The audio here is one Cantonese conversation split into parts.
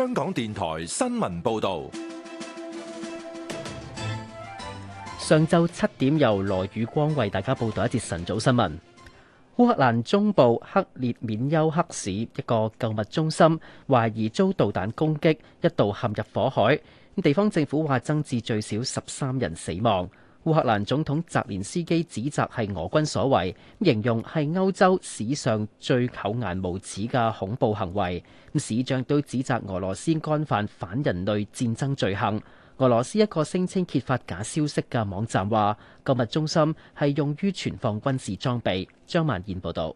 香港電台新聞報道：上晝七點，由羅宇光為大家報道一節晨早新聞。烏克蘭中部克列緬丘克市一個購物中心懷疑遭導彈攻擊，一度陷入火海。地方政府話增至最少十三人死亡。烏克蘭總統澤連斯基指責係俄軍所為，形容係歐洲史上最厚顏無恥嘅恐怖行為。咁市長都指責俄羅斯干犯反人類戰爭罪行。俄羅斯一個聲稱揭發假消息嘅網站話，購物中心係用於存放軍事裝備。張曼燕報道。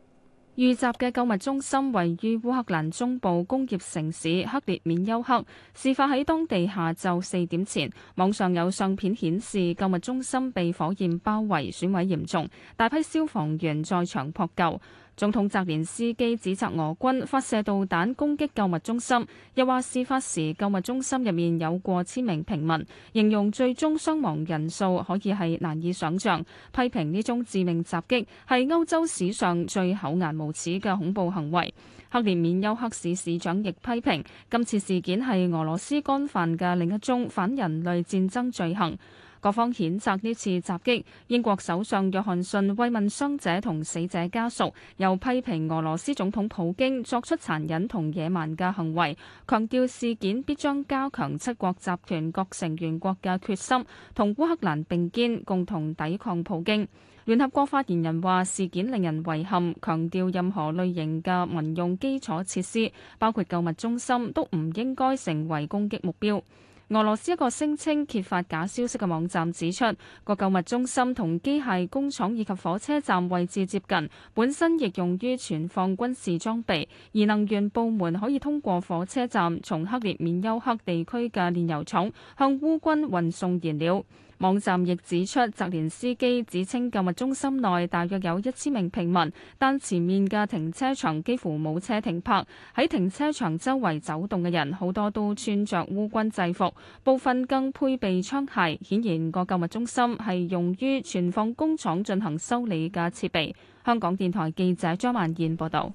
遇襲嘅購物中心位於烏克蘭中部工業城市克列緬丘克，事發喺當地下晝四點前。網上有相片顯示購物中心被火焰包圍，損毀嚴重，大批消防員在場撲救。總統澤連斯基指責俄軍發射導彈攻擊購物中心，又話事發時購物中心入面有過千名平民，形容最終傷亡人數可以係難以想象，批評呢宗致命襲擊係歐洲史上最厚顏無恥嘅恐怖行為。克連緬丘克市市長亦批評今次事件係俄羅斯干犯嘅另一宗反人類戰爭罪行。各方譴責呢次襲擊，英國首相約翰遜慰問傷者同死者家屬，又批評俄羅斯總統普京作出殘忍同野蠻嘅行為，強調事件必將加強七國集團各成員國嘅決心，同烏克蘭並肩共同抵抗普京。聯合國發言人話事件令人遺憾，強調任何類型嘅民用基礎設施，包括購物中心，都唔應該成為攻擊目標。俄羅斯一個聲稱揭發假消息嘅網站指出，個購物中心同機械工廠以及火車站位置接近，本身亦用於存放軍事裝備，而能源部門可以通過火車站從克列緬丘克地區嘅煉油廠向烏軍運送燃料。網站亦指出，澤連斯基指稱購物中心內大約有一千名平民，但前面嘅停車場幾乎冇車停泊。喺停車場周圍走動嘅人，好多都穿着烏軍制服，部分更配備槍械。顯然，個購物中心係用於存放工廠進行修理嘅設備。香港電台記者張萬燕報道。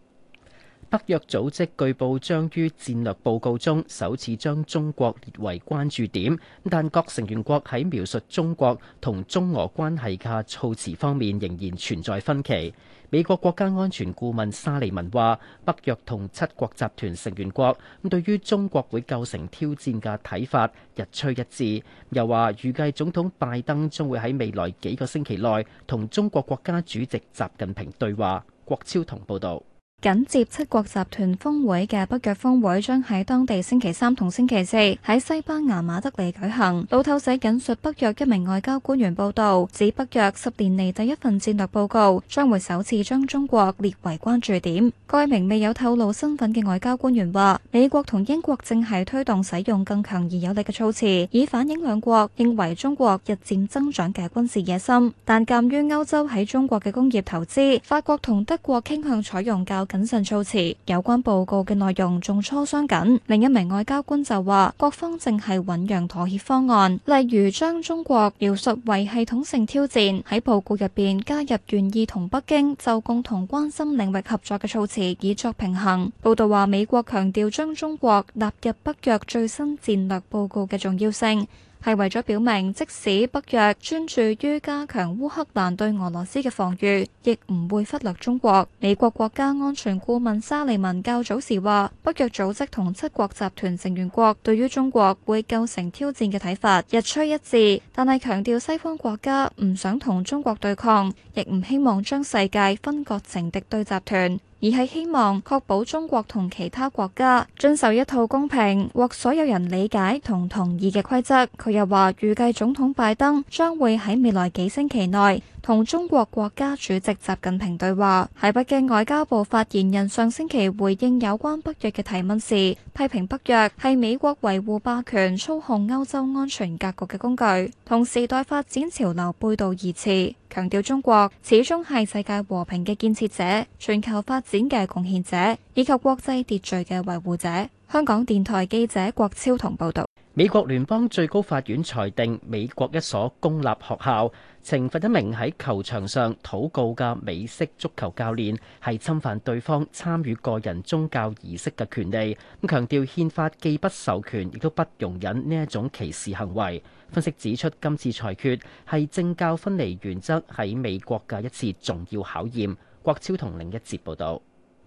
北約組織據報將於戰略報告中首次將中國列為關注點，但各成員國喺描述中國同中俄關係嘅措辭方面仍然存在分歧。美國國家安全顧問沙利文話，北約同七國集團成員國咁對於中國會構成挑戰嘅睇法日趨一致。又話，預計總統拜登將會喺未來幾個星期內同中國國家主席習近平對話。郭超同報道。緊接七國集團峰會嘅北約峰會將喺當地星期三同星期四喺西班牙馬德里舉行。路透社引述北約一名外交官員報道，指北約十年嚟第一份戰略報告將會首次將中國列為關注點。該名未有透露身份嘅外交官員話，美國同英國正係推動使用更強而有力嘅措辭，以反映兩國認為中國日漸增長嘅軍事野心。但鑒於歐洲喺中國嘅工業投資，法國同德國傾向採用較謹慎措辭，有關報告嘅內容仲磋商緊。另一名外交官就話，各方正係醞釀妥協方案，例如將中國描述為系統性挑戰，喺報告入邊加入願意同北京就共同關心領域合作嘅措辭，以作平衡。報道話，美國強調將中國納入北約最新戰略報告嘅重要性。係為咗表明，即使北約專注於加強烏克蘭對俄羅斯嘅防禦，亦唔會忽略中國。美國國家安全顧問沙利文較早時話，北約組織同七國集團成員國對於中國會構成挑戰嘅睇法日趨一致，但係強調西方國家唔想同中國對抗，亦唔希望將世界分割成敵對集團。而係希望確保中國同其他國家遵守一套公平獲所有人理解同同意嘅規則。佢又話，預計總統拜登將會喺未來幾星期內。同中國國家主席習近平對話。喺北京外交部發言人上星期回應有關北約嘅提問時，批評北約係美國維護霸權、操控歐洲安全格局嘅工具，同時代發展潮流背道而馳，強調中國始終係世界和平嘅建設者、全球發展嘅貢獻者以及國際秩序嘅維護者。香港電台記者郭超同報道。美國聯邦最高法院裁定，美國一所公立學校懲罰一名喺球場上禱告嘅美式足球教練係侵犯對方參與個人宗教儀式嘅權利。咁強調憲法既不授權，亦都不容忍呢一種歧視行為。分析指出，今次裁決係政教分離原則喺美國嘅一次重要考驗。國超同另一節報道。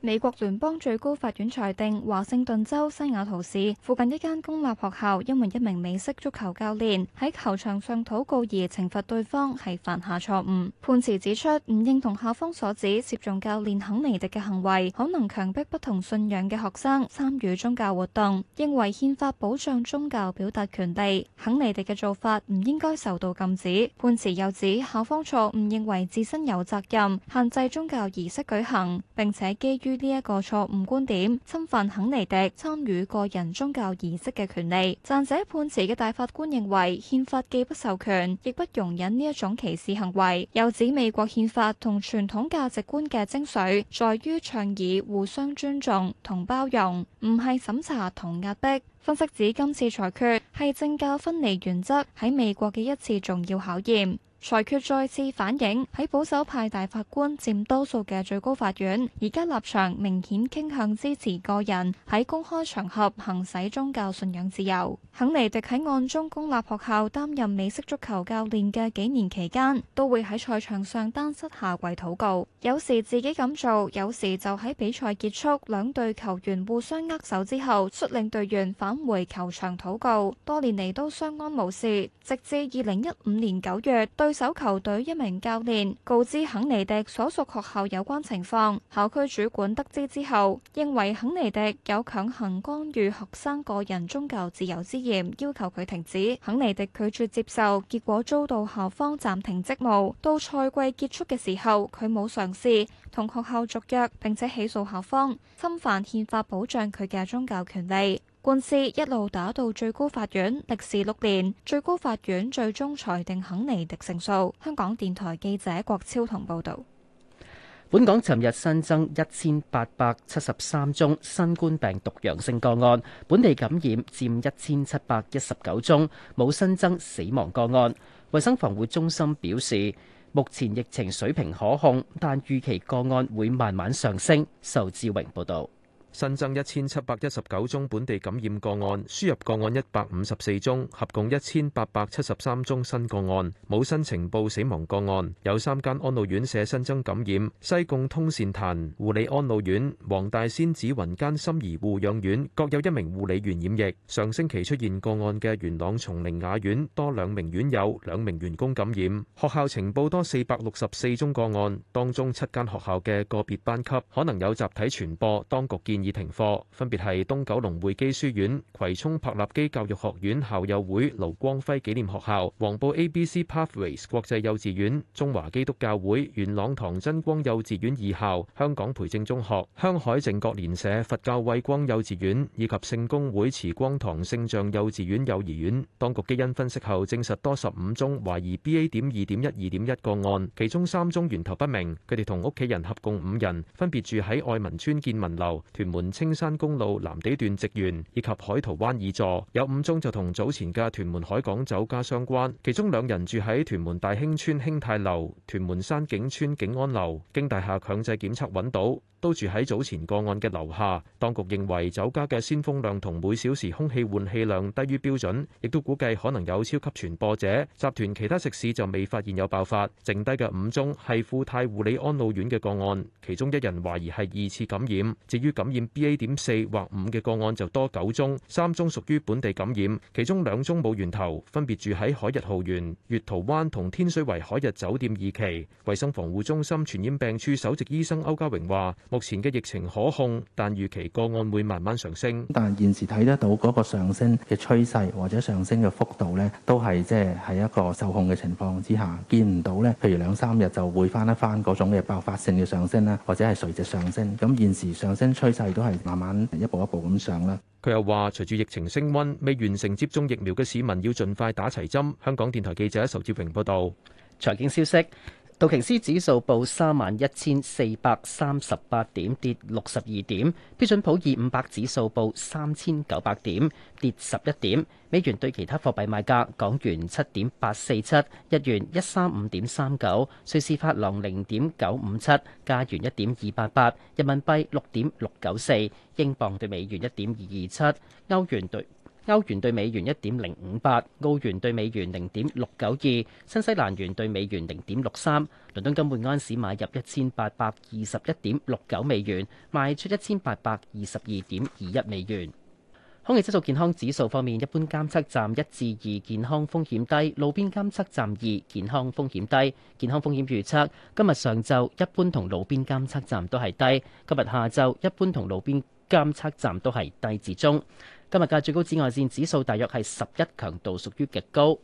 美國聯邦最高法院裁定，華盛頓州西雅圖市附近一間公立學校因為一名美式足球教練喺球場上禱告而懲罰對方係犯下錯誤。判詞指出，唔認同校方所指涉及教練肯尼迪嘅行為可能強迫不同信仰嘅學生參與宗教活動，認為憲法保障宗教表達權利，肯尼迪嘅做法唔應該受到禁止。判詞又指校方錯誤認為自身有責任限制宗教儀式舉行，並且基於呢一個錯誤觀點侵犯肯尼迪參與個人宗教儀式嘅權利。撰寫判詞嘅大法官認為，憲法既不授權，亦不容忍呢一種歧視行為。又指美國憲法同傳統價值觀嘅精髓，在於倡議互相尊重同包容，唔係審查同壓迫。分析指今次裁決係政教分離原則喺美國嘅一次重要考驗。裁決再次反映喺保守派大法官佔多數嘅最高法院，而家立場明顯傾向支持個人喺公開場合行使宗教信仰自由。肯尼迪喺案中公立學校擔任美式足球教練嘅幾年期間都會喺賽場上單膝下跪禱告，有時自己咁做，有時就喺比賽結束兩隊球員互相握手之後率領隊員返回球場禱告。多年嚟都相安無事，直至二零一五年九月對。手球隊一名教練告知肯尼迪所屬學校有關情況，校區主管得知之後，認為肯尼迪有強行干預學生個人宗教自由之嫌，要求佢停止。肯尼迪拒絕接受，結果遭到校方暫停職務。到賽季結束嘅時候，佢冇嘗試同學校續約，並且起訴校方侵犯憲法保障佢嘅宗教權利。官司一路打到最高法院，歷時六年，最高法院最終裁定肯尼迪勝訴。香港電台記者郭超同報道。本港尋日新增一千八百七十三宗新冠病毒陽性個案，本地感染佔一千七百一十九宗，冇新增死亡個案。衛生防護中心表示，目前疫情水平可控，但預期個案會慢慢上升。仇志榮報道。新增一千七百一十九宗本地感染個案，輸入個案一百五十四宗，合共一千八百七十三宗新個案，冇新呈報死亡個案。有三間安老院舍新增感染：西貢通善壇護理安老院、黃大仙紫雲間心怡護養院，各有一名護理員染疫。上星期出現個案嘅元朗松陵雅苑，多兩名院友、兩名員工感染。學校呈報多四百六十四宗個案，當中七間學校嘅個別班級可能有集體傳播。當局見。已停課，分別係東九龍匯基書院、葵涌柏立基教育學院校友會、盧光輝紀念學校、黃埔 ABC Pathways 國際幼稚園、中華基督教會元朗堂真光幼稚園二校、香港培正中學、香海正覺蓮社佛教慧光幼，幼稚園以及聖公會慈光堂聖象幼稚園幼兒園。當局基因分析後證實多十五宗懷疑 BA 點二點一二點一個案，其中三宗源頭不明。佢哋同屋企人合共五人，分別住喺愛民村建民樓、屯。屯門青山公路藍地段直園以及海濤灣二座，有五宗就同早前嘅屯門海港酒家相關，其中兩人住喺屯門大興村興泰樓、屯門山景村景安樓經大廈強制檢測揾到，都住喺早前個案嘅樓下。當局認為酒家嘅鮮風量同每小時空氣換氣量低於標準，亦都估計可能有超級傳播者。集團其他食肆就未發現有爆發，剩低嘅五宗係富泰護理安老院嘅個案，其中一人懷疑係二次感染。至於感染。B A 點四或五嘅個案就多九宗，三宗屬於本地感染，其中兩宗冇源頭，分別住喺海逸豪園、月桃灣同天水圍海逸酒店二期。衛生防護中心傳染病處首席醫生歐家榮話，目前嘅疫情可控，但預期個案會慢慢上升。但現時睇得到嗰個上升嘅趨勢或者上升嘅幅度咧，都係即係一個受控嘅情況之下，見唔到咧，譬如兩三日就會翻一翻嗰種嘅爆發性嘅上升啦，或者係垂直上升。咁現時上升趨勢。都係慢慢一步一步咁上啦。佢又話：隨住疫情升溫，未完成接種疫苗嘅市民要盡快打齊針。香港電台記者仇志平報道。財經消息。道瓊斯指數報三萬一千四百三十八點，跌六十二點。標準普爾五百指數報三千九百點，跌十一點。美元對其他貨幣賣價：港元七點八四七，日元一三五點三九，瑞士法郎零點九五七，加元一點二八八，人民幣六點六九四，英鎊對美元一點二二七，歐元對。歐元對美元一點零五八，澳元對美元零點六九二，新西蘭元對美元零點六三。倫敦金每盎司買入一千八百二十一點六九美元，賣出一千八百二十二點二一美元。空氣質素健康指數方面，一般監測站一至二健康風險低，路邊監測站二健康風險低。健康風險預測，今日上晝一般同路邊監測站都係低，今日下晝一般同路邊。監測站都係低至中。今日嘅最高紫外線指數大約係十一，強度屬於極高。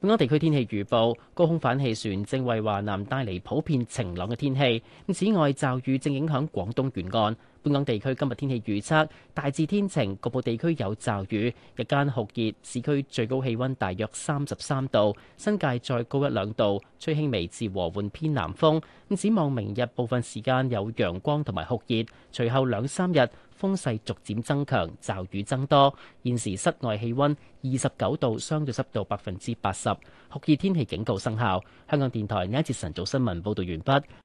本港地區天氣預報，高空反氣旋正為華南帶嚟普遍晴朗嘅天氣。咁此外，驟雨正影響廣東沿岸。本港地區今日天氣預測大致天晴，局部地區有驟雨，日間酷熱，市區最高氣溫大約三十三度，新界再高一兩度，吹輕微至和緩偏南風。咁展望明日部分時間有陽光同埋酷熱，隨後兩三日。風勢逐漸增強，驟雨增多。現時室外氣溫二十九度，相對濕度百分之八十。酷熱天氣警告生效。香港電台呢一節晨早新聞報道完畢。